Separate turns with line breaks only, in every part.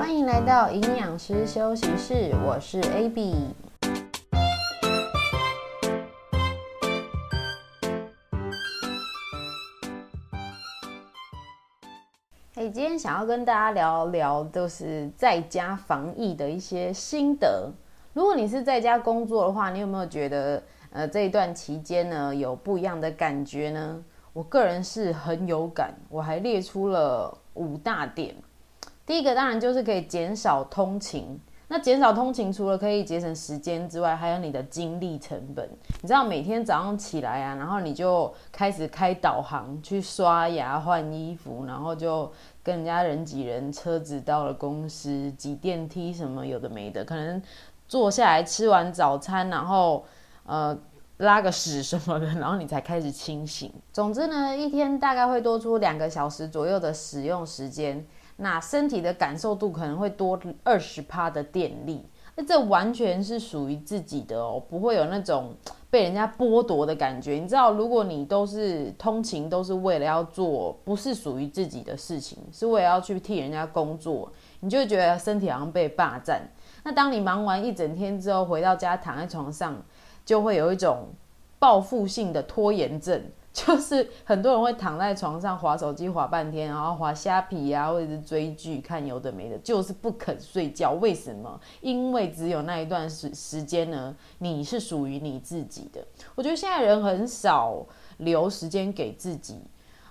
歡迎來到營養師休息室，我是 Abby。哎、hey，今天想要跟大家聊聊，就是在家防疫的一些心得。如果你是在家工作的話，你有沒有覺得，呃，這一段期間呢，有不一樣的感覺呢？我個人是很有感，我還列出了五大點。第一個當然就是可以減少通勤。那減少通勤，除了可以節省時間之外，還有你的精力成本。你知道，每天早上起來啊，然後你就開始開導航去刷牙、換衣服，然後就跟人家人擠人，車子到了公司擠電梯什麼有的沒的，可能坐下來吃完早餐，然後呃拉個屎什麼的，然後你才開始清醒。總之呢，一天大概會多出兩個小時左右的使用時間。那身體的感受度可能會多二十趴的電力，那這完全是屬於自己的哦，不會有那種被人家剝奪的感覺。你知道，如果你都是通勤，都是為了要做不是屬於自己的事情，是為了要去替人家工作，你就會覺得身體好像被霸佔。那當你忙完一整天之後回到家，躺在床上，就會有一種報復性的拖延症。就是很多人會躺在床上滑手機滑半天，然後滑蝦皮啊，或者是追劇看有的沒的，就是不肯睡覺。為什麼？因為只有那一段時時間呢，你是屬於你自己的。我覺得現在人很少留時間給自己，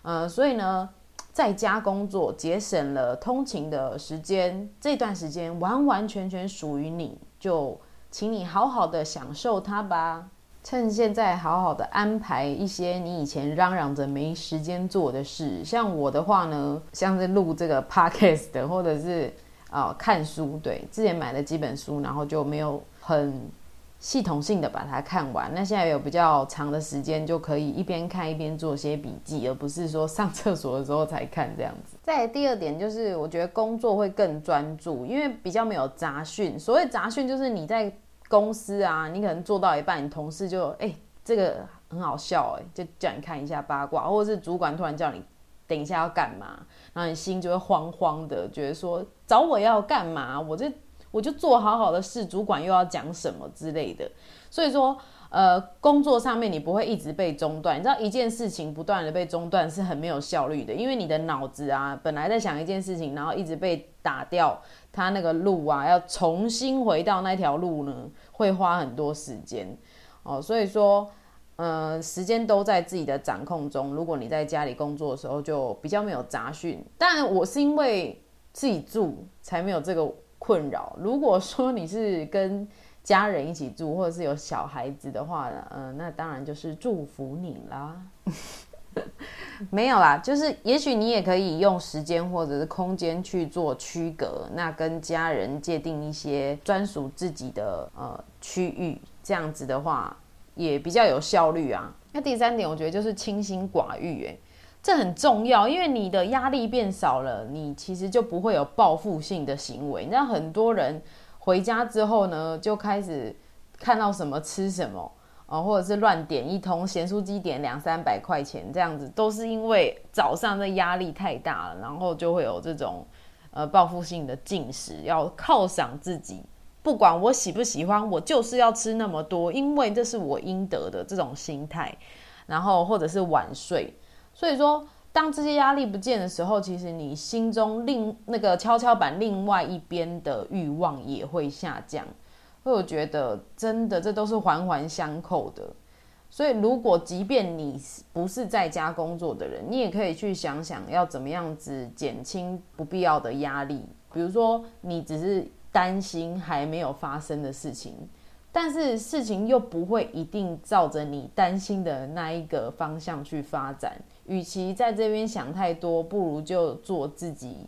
嗯、呃，所以呢，在家工作節省了通勤的時間，這段時間完完全全屬於你，就請你好好的享受它吧。趁現在好好的安排一些你以前嚷嚷着沒時間做的事，像我的話呢，像是錄這個 podcast 的，或者是，呃，看書，對，之前買了幾本書，然後就沒有很系統性的把它看完。那現在有比較長的時間，就可以一邊看一邊做些筆記，而不是說上廁所的時候才看這樣子。再第二點就是，我覺得工作會更專注，因為比較沒有雜訊。所謂雜訊，就是你在。公司啊，你可能做到一半，你同事就欸，這個很好笑欸，就叫你看一下八卦，或者是主管突然叫你等一下要幹嘛，然後你心就會慌慌的，覺得說找我要幹嘛？我這我就做好好的事，主管又要講什麼之類的，所以說。呃，工作上面你不會一直被中斷，你知道一件事情不斷的被中斷是很沒有效率的，因為你的腦子啊，本來在想一件事情，然後一直被打掉，它那個路啊，要重新回到那條路呢，會花很多時間。哦、呃，所以說，呃，時間都在自己的掌控中。如果你在家裡工作的時候，就比較沒有雜訊。但我是因為自己住才沒有這個困擾。如果說你是跟家人一起住，或者是有小孩子的話呢，呃，那當然就是祝福你啦。 沒有啦，就是也許你也可以用時間或者是空間去做區隔，那跟家人界定一些專屬自己的呃區域，這樣子的話也比較有效率啊。那第三點，我覺得就是清心寡欲，欸，這很重要，因為你的壓力變少了，你其實就不會有報復性的行為。那很多人。回家之後呢，就開始看到什麼吃什麼，啊，或者是亂點一通，鹹酥雞點兩三百塊錢這樣子，都是因為早上的壓力太大了，然後就會有這種呃報復性的進食，要犒賞自己，不管我喜不喜歡，我就是要吃那麼多，因為這是我應得的這種心態，然後或者是晚睡，所以說。當這些壓力不見的時候，其實你心中另那個蹺蹺板另外一邊的慾望也會下降。所以我覺得真的，這都是環環相扣的。所以，如果即便你不是在家工作的人，你也可以去想想要怎麼樣子減輕不必要的壓力。比如說，你只是擔心還沒有發生的事情，但是事情又不會一定照着你擔心的那一個方向去發展。與其在這邊想太多，不如就做自己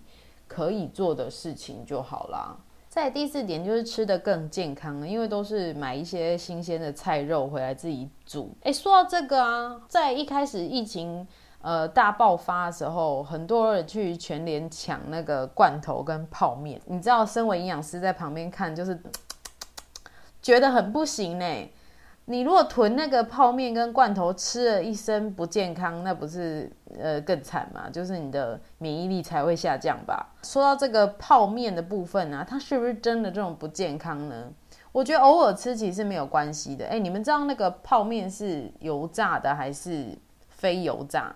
可以做的事情就好了。在第四點就是吃得更健康，因為都是買一些新鮮的菜肉回來自己煮。欸，說到這個啊，在一開始疫情呃大爆發的時候，很多人去全聯搶那個罐頭跟泡麵，你知道，身為營養師在旁邊看就是嘖嘖嘖覺得很不行呢。你如果囤那個泡麵跟罐頭吃了一身不健康，那不是呃更慘嗎？就是你的免疫力才會下降吧。說到這個泡麵的部分啊，它是不是真的這種不健康呢？我覺得偶爾吃其實是沒有關係的。誒、欸，你們知道那個泡麵是油炸的還是非油炸？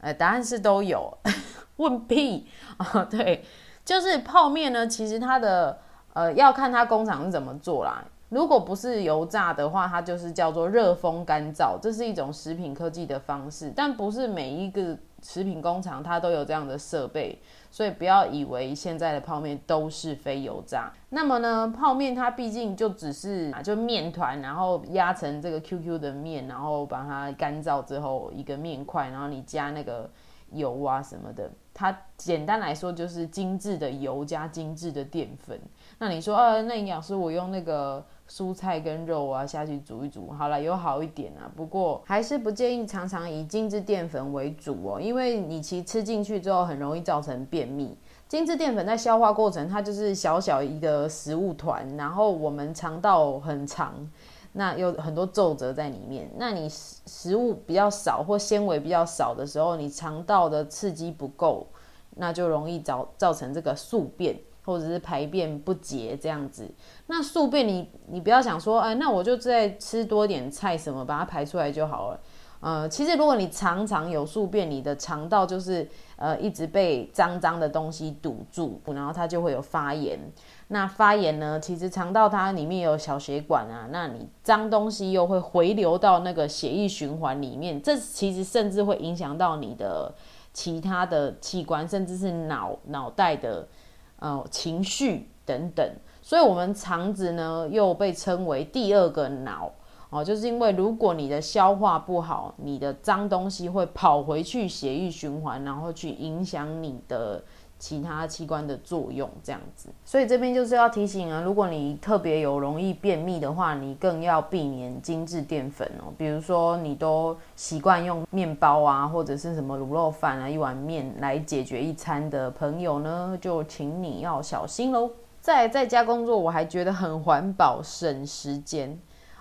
誒、呃，答案是都有。 問屁啊、哦，對，就是泡麵呢，其實它的呃要看它工廠是怎麼做啦。如果不是油炸的話，它就是叫做熱風乾燥，這是一種食品科技的方式，但不是每一個食品工廠它都有這樣的設備，所以不要以為現在的泡麵都是非油炸。那麼呢，泡麵它畢竟就只是啊，就麵糰，然後壓成這個 QQ 的麵，然後把它乾燥之後，一個麵塊，然後你加那個。油啊什麼的，它簡單來說就是精製的油加精製的澱粉。那你說，呃、啊，那營養師我用那個蔬菜跟肉啊下去煮一煮，好了，有好一點啊。不過還是不建議常常以精製澱粉為主哦，因為你其實吃進去之後很容易造成便秘。精製澱粉在消化過程，它就是小小一個食物團，然後我們腸道很長。那有很多皺褶在裡面。那你食食物比較少或纖維比較少的時候，你腸道的刺激不夠，那就容易造造成這個宿便或者是排便不潔這樣子。那宿便，你你不要想說，哎、欸，那我就再吃多點菜什麼，把它排出來就好了。呃，其實如果你常常有宿便，你的腸道就是呃一直被髒髒的東西堵住，然後它就會有發炎。那發炎呢？其實腸道它裡面有小血管啊，那你髒東西又會回流到那個血液循環裡面，這其實甚至會影響到你的其他的器官，甚至是腦腦袋的呃情緒等等。所以，我們腸子呢又被稱為第二個腦哦、呃，就是因為如果你的消化不好，你的髒東西會跑回去血液循環，然後去影響你的。其他器官的作用。這樣子，所以這邊就是要提醒啊，如果你特別有容易便秘的話，你更要避免精緻澱粉喔。比如說，你都習慣用麵包啊，或者是什麼滷肉飯啊，一碗麵來解決一餐的朋友呢，就請你要小心嘍。再來在家工作，我還覺得很環保、省時間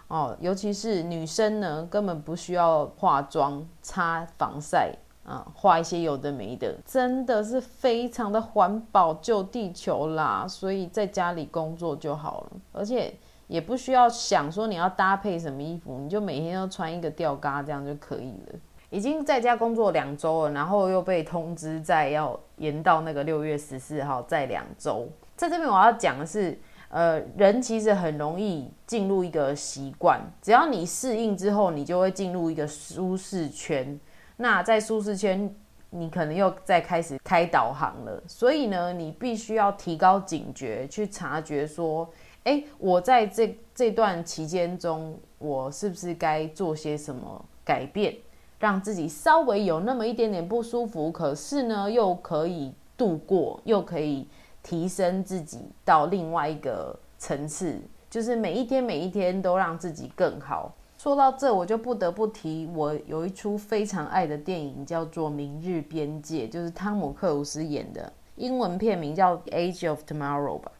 哦，尤其是女生呢，根本不需要化妝、擦防曬。啊，畫一些有的沒的，真的是非常的環保，救地球啦！所以在家裡工作就好了，而且也不需要想說你要搭配什麼衣服，你就每天要穿一個吊嘎這樣就可以了。已經在家工作兩週了，然後又被通知再要延到那個六月十四號再兩週。在這邊我要講的是，呃，人其實很容易進入一個習慣，只要你適應之後，你就會進入一個舒適圈。那在舒適圈，你可能又在開始開導航了，所以呢，你必須要提高警覺，去察覺說，誒，我在這這段期間中，我是不是該做些什麼改變，讓自己稍微有那麼一點點不舒服，可是呢，又可以度過，又可以提升自己到另外一個層次，就是每一天每一天都讓自己更好。說到這，我就不得不提我有一出非常愛的電影，叫做《明日邊界》，就是湯姆克魯斯演的，英文片名叫《Age of Tomorrow》吧。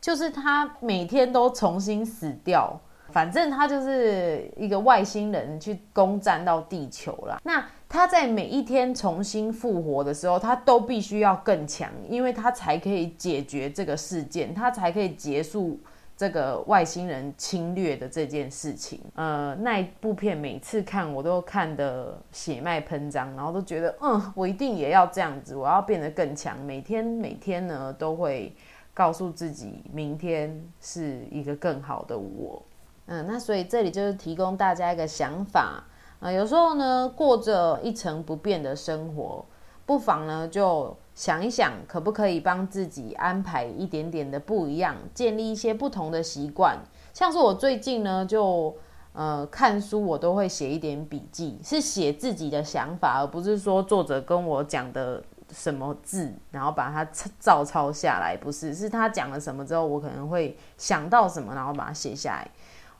就是他每天都重新死掉，反正他就是一個外星人去攻占到地球啦。那他在每一天重新復活的時候，他都必須要更強，因為他才可以解決這個事件，他才可以結束。這個外星人侵略的這件事情，呃，那一部片每次看我都看得血脈噴張，然後都覺得，嗯，我一定也要這樣子，我要變得更強，每天每天呢都會告訴自己，明天是一個更好的我，嗯、呃，那所以這裡就是提供大家一個想法，啊、呃，有時候呢過着一成不變的生活，不妨呢就。想一想，可不可以幫自己安排一點點的不一樣，建立一些不同的習慣。像是我最近呢，就呃看書，我都會寫一點筆記，是寫自己的想法，而不是說作者跟我講的什麼字，然後把它照抄下來。不是，是他講了什麼之後，我可能會想到什麼，然後把它寫下來。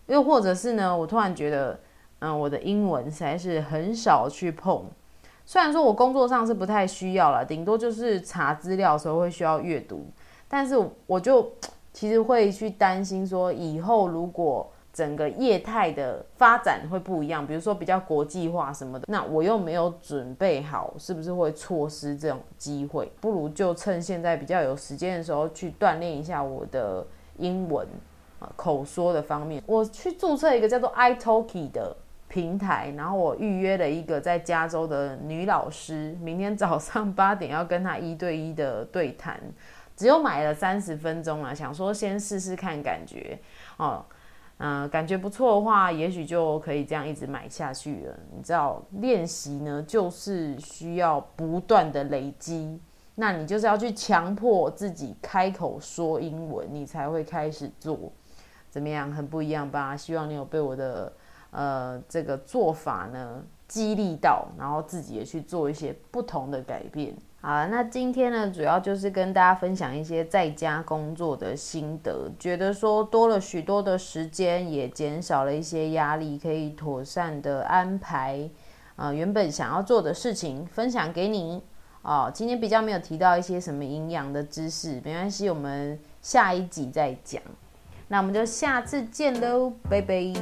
又或者是呢，我突然覺得，嗯、呃，我的英文實在是很少去碰。雖然說我工作上是不太需要啦，頂多就是查資料的時候會需要閱讀，但是我就其實會去擔心說，以後如果整個業態的發展會不一樣，比如說比較國際化什麼的，那我又沒有準備好，是不是會錯失這種機會？不如就趁現在比較有時間的時候，去鍛鍊一下我的英文口說的方面。我去注冊一個叫做 iTalki 的。平台，然後我預約了一個在加州的女老師，明天早上八點要跟她一對一的對談，只有買了三十分鐘啊。想說先試試看感覺，哦，嗯、呃，感覺不錯的話，也許就可以這樣一直買下去了。你知道，練習呢就是需要不斷的累積，那你就是要去強迫自己開口說英文，你才會開始做，怎麼樣？很不一樣吧？希望你有被我的。呃，這個做法呢，激勵到，然後自己也去做一些不同的改變。好，那今天呢，主要就是跟大家分享一些在家工作的心得，覺得說多了許多的時間，也減少了一些壓力，可以妥善的安排，呃，原本想要做的事情，分享給你。哦，今天比較沒有提到一些什麼營養的知識，沒關係，我們下一集再講。那我們就下次見嘍，拜拜。